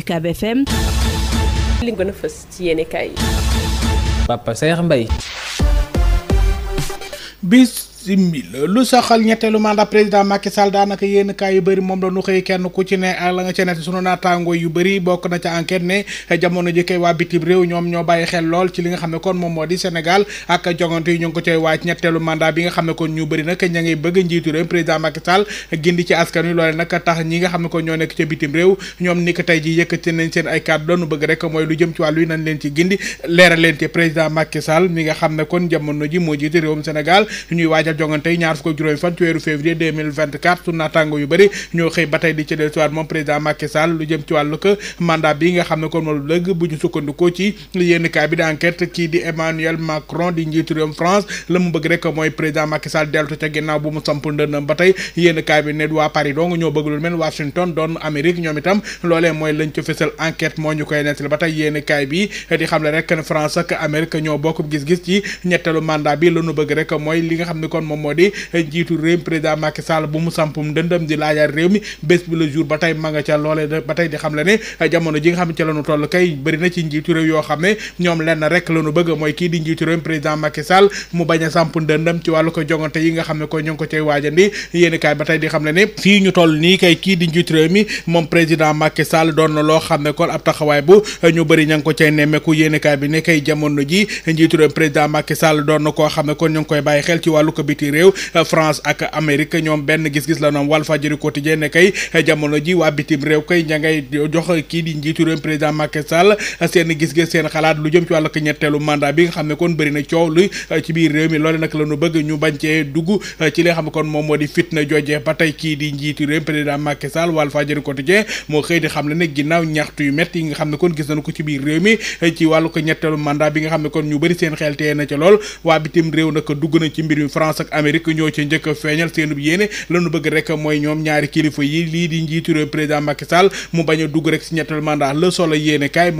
UCAB FM li gën a fës ci yéene Papa Saer Mbaye bis simil lu soxal ñetteelu mandat président Macky Sall daanaka yénn kaay yu bëri moom la xëy kenn ku ci ne ak ah, la nga ca nekk sunu naataangoo yu bëri bokk na eh, xel lool ci li nga xam ne kon moom moo di Sénégal ak jongante yi ñu xam ne kon ñu bëri nag ña ngay bëgg njiitu tax ñi nga xam ne ñoo nekk ca bitim réew ñoom ni ko tey ji yëkkati nañ seen ay kàddu lanu bëgg rek mooy lu jëm ci wàllu yi nañ leen ci gindi leeral leen ci président Macky Sall mi nga xam jamono ji moo jiitu réewum Sénégal ñuy waajal jongante yi ñoo xëy ba tey di ci dellusiwaat moom président Macky lu jëm ci wàllu ko mandat bi nga xam ne kon moom lëgg bu sukkandikoo ci yénn kaay bi di Emmanuel Macron di njiitu réewum France la mu bëgg rek mooy président Macky Sall ca ginnaaw bu mu samp ndëndam ba tey yénn kaay bi ne waa Paris dong ñoo bëgg lu mel Washington doon Amérique ñoom itam loolee mooy lañ ci fësal enquête moo ñu koy nettali ba tey yénn kaay bi di xam la ñu kon moom moo di njiitu réew mi président Macky Sall a doon na loo xam kon ab taxawaay bu ñu bëri ña ko cay nemmeeku yéeni kaay bi ne kay jamono ji njiitu réew président Macky Sall doon na koo xam kon ñu ngi koy bàyyi xel ci wàllu ko biti réew France ak Amérique ñoom benn gis-gis la noom Walfadjri quotidien ne kay jamono ji waa bitim réew kay ña ngay jox kii di njiitu réew président Macky Sall seen gis-gis bi xam ne kon bëri na coow lu ci biir réew mi loole nag la ñu bëgg ñu bañ cee dugg ci li nga xam ne kon moom moo di fitna joojee ba tey kii di njiitu réew président Macky Sall Walfadjri quotidien moo xëy di xam ne ne ginnaaw ñaxtu yu métti yi nga xam ne kon gis nañu ko ci biir réew mi ci wàllu ñetteelu mandat bi nga xam ne kon ñu bari seen xel tee na ca lool waa bitim réew nag dugg na ci mbir mi France France ak Amérique ñoo ca njëkk a feeñal seenub yéene lanu bëgg rek mooy ñoom ñaari kilifa yi lii di njiitu président Macky Sall mu bañ a dugg rek si ñettal mandat Le Soleil yéene kaay bi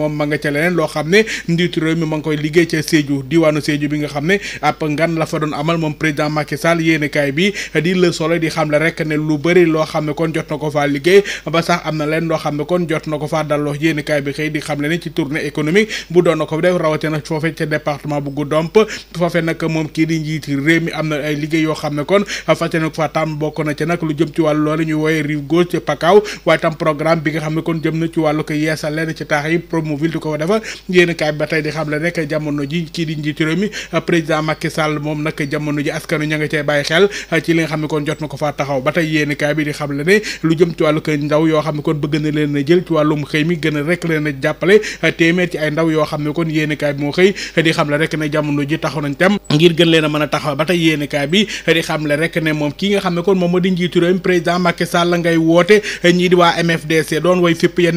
nga xam ne ab ngan la fa doon amal moom président Macky Sall yéene kaay bi di Le Soleil di xam le rek ne lu bëri loo xam ne kon jot na ko faa liggéey ba sax am na leen loo xam ne kon jot na ko faa dalloo yéene kaay bi xëy di xam le ne ci tournée économique bu doon na ko def rawatina foofee ca département bu Goudomp foofee nag moom kii di njiitu ay liggéey yoo xam ne kon fàtte na fa tam bokk na ci nag lu jëm ci wàllu loolu ñuy wooye rive gauche ci pakaaw waaye na ci wàllu ko yeesal leen ci taax yi fa ba tey di xam le ne kon jot na ko faa taxaw ba tey yéen kaay bi di xam le ne lu jëm ci wàllu ko ndaw yoo xam ne kon bëgg na leen a jël ci wàllum xëy mi gën a rek leen a jàppale téeméer ci ay yoo xam ne kon yéen kaay bi moo xëy di xam le rek ne jamono ji taxaw nañ tam ngir gën leen a mën a taxaw ba tey yéen yéenekaay bi di xamle rek ne moom ki nga xam ne kon moom moo di njiitu réew mi président Macky Sall ngay woote ñii di waa MFDC doon way fépp ya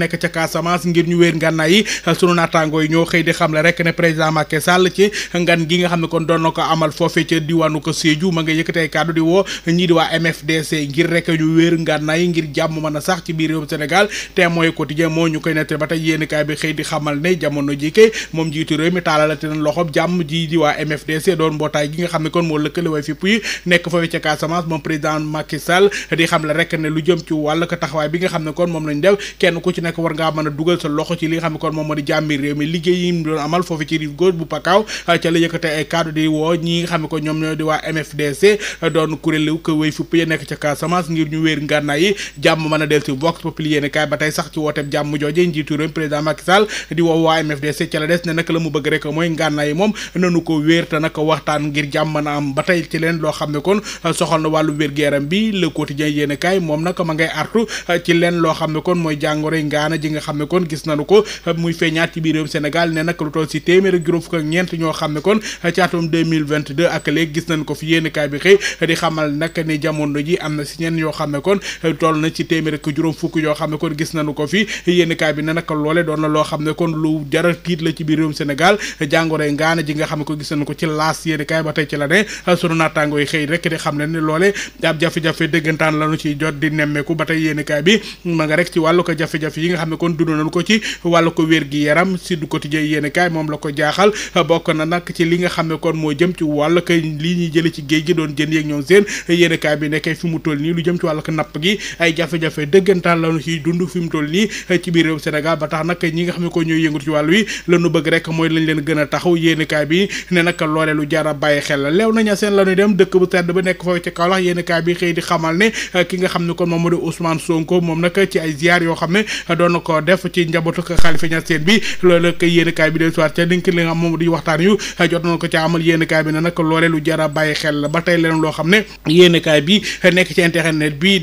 a bi xëy di xamal ne jamono ji kay moom njiitu réew mi a na loxob jàmm ji di waa MFDC doon mbootaay gi nga xam kon moo lëkkale way fi municipaux yi nekk foofu ca Casamance moom président Macky di xam le rek ne ci wàll ko bi nga xam ne kon moom lañ def kenn ku ci nekk war ngaa mën a dugal sa loxo ci li nga xam ne kon moom moo di jàmmi réew mi liggéey ci rive gauche bu ah, ca la yëkkate ay kaddu di woo ñi nga xam ne kon ñoom ñoo di waa MFDC doon kuréelu nekk ca Casamance ngir ñu wéer ngànnaay yi jàmm mën a del si vox populi yéene kaay ba tey sax ci wooteeb jàmm jooje njiitu réew président Macky Sall di woo waa MFDC ca la des ne nag la mu bëgg rek mooy ngànnaay yi moom nanu ko wéer te nag waxtaan ngir jàmm leen loo xam ne kon soxal na wàllu wér gu bi le quotidien yéen kaay moom nag ma ngay artu ci leen loo xam ne kon mooy jàngoroy ngaana ji nga xam ne kon gis nañu ko muy feeñaat ci biir réewum Sénégal ne nag lu toll si téeméer ak juróom fukk ñeent ñoo xam ne kon ci atum 2022 ak léegi gis nañ ko fi yéen kaay bi xëy di xamal nag ne jamono ji am na si ñenn yoo xam ne kon toll na ci téeméer ak juróom fukk yoo xam ne kon gis nañu ko fi yéen kaay bi ne nag loole doon na loo xam ne kon lu jaral tiit la ci biir réewum Sénégal jàngoroy ngaana ji nga xam ne ko gis nañu ko ci laas yéen kaay ba tey ci la ne sunu naat naataango yi xëy rek di xam ne ni loole ab jafe-jafe dëggantaan lañu ci jot di ba tey yéenekaay bi ma nga rek ci wàllu ko jafe yi nga xam ne kon dund nañu ko ci wàllu ko wér gi yaram si du quotidien yéenekaay moom la ko jaaxal bokk na nag ci li nga xam ne kon moo jëm ci wàllu ko lii ñuy jële ci géej gi doon jën yeeg ñoom seen yéenekaay bi nekkee fi mu toll nii lu jëm ci wàllu ko napp gi ay jafe-jafe dëggantaan lañu mu toll nii ci biir réew Sénégal ba tax nag ñi nga xam ko ñooy yëngu ci wàllu wi lañu bëgg rek mooy lañ leen gën a taxaw yéenekaay bi ne nag loole lu jaara bàyyi xel la leew naña seen la ñuy dem dëkk bu tedd ba nekk foofu ci Kaolack yéen kaay bi xëy di xamal eh, di Ousmane Sonko moom nag ci ay eh, na ko def ci njabootu Khalifa Niassène bi loolu eh, kaay bi ne nag loolee lu jar a bàyyi xel la ba tey leneen loo xam ne yéen kaay bi nekk ci xëy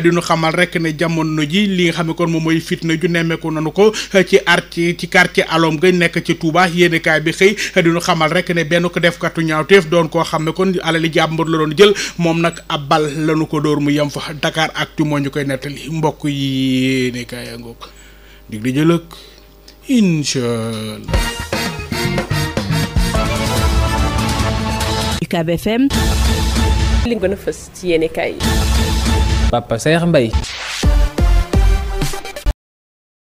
di xamal ne jamono nga xam ne kon moom mooy fitna ju nemmeeku nanu ko ci art ci quartier alom ga nekk ci Touba yéen kaay bi xëy di xamal rek ne benn ko defkatu ñaawteef doon koo xam ne kon alali jàmbur la doon jël moom nag ab bal ko dóor mu yem fa Dakar ak moo ñu koy nettali mbokk yi ne kaay a jëlëk inchaallah UCAB FM li gën a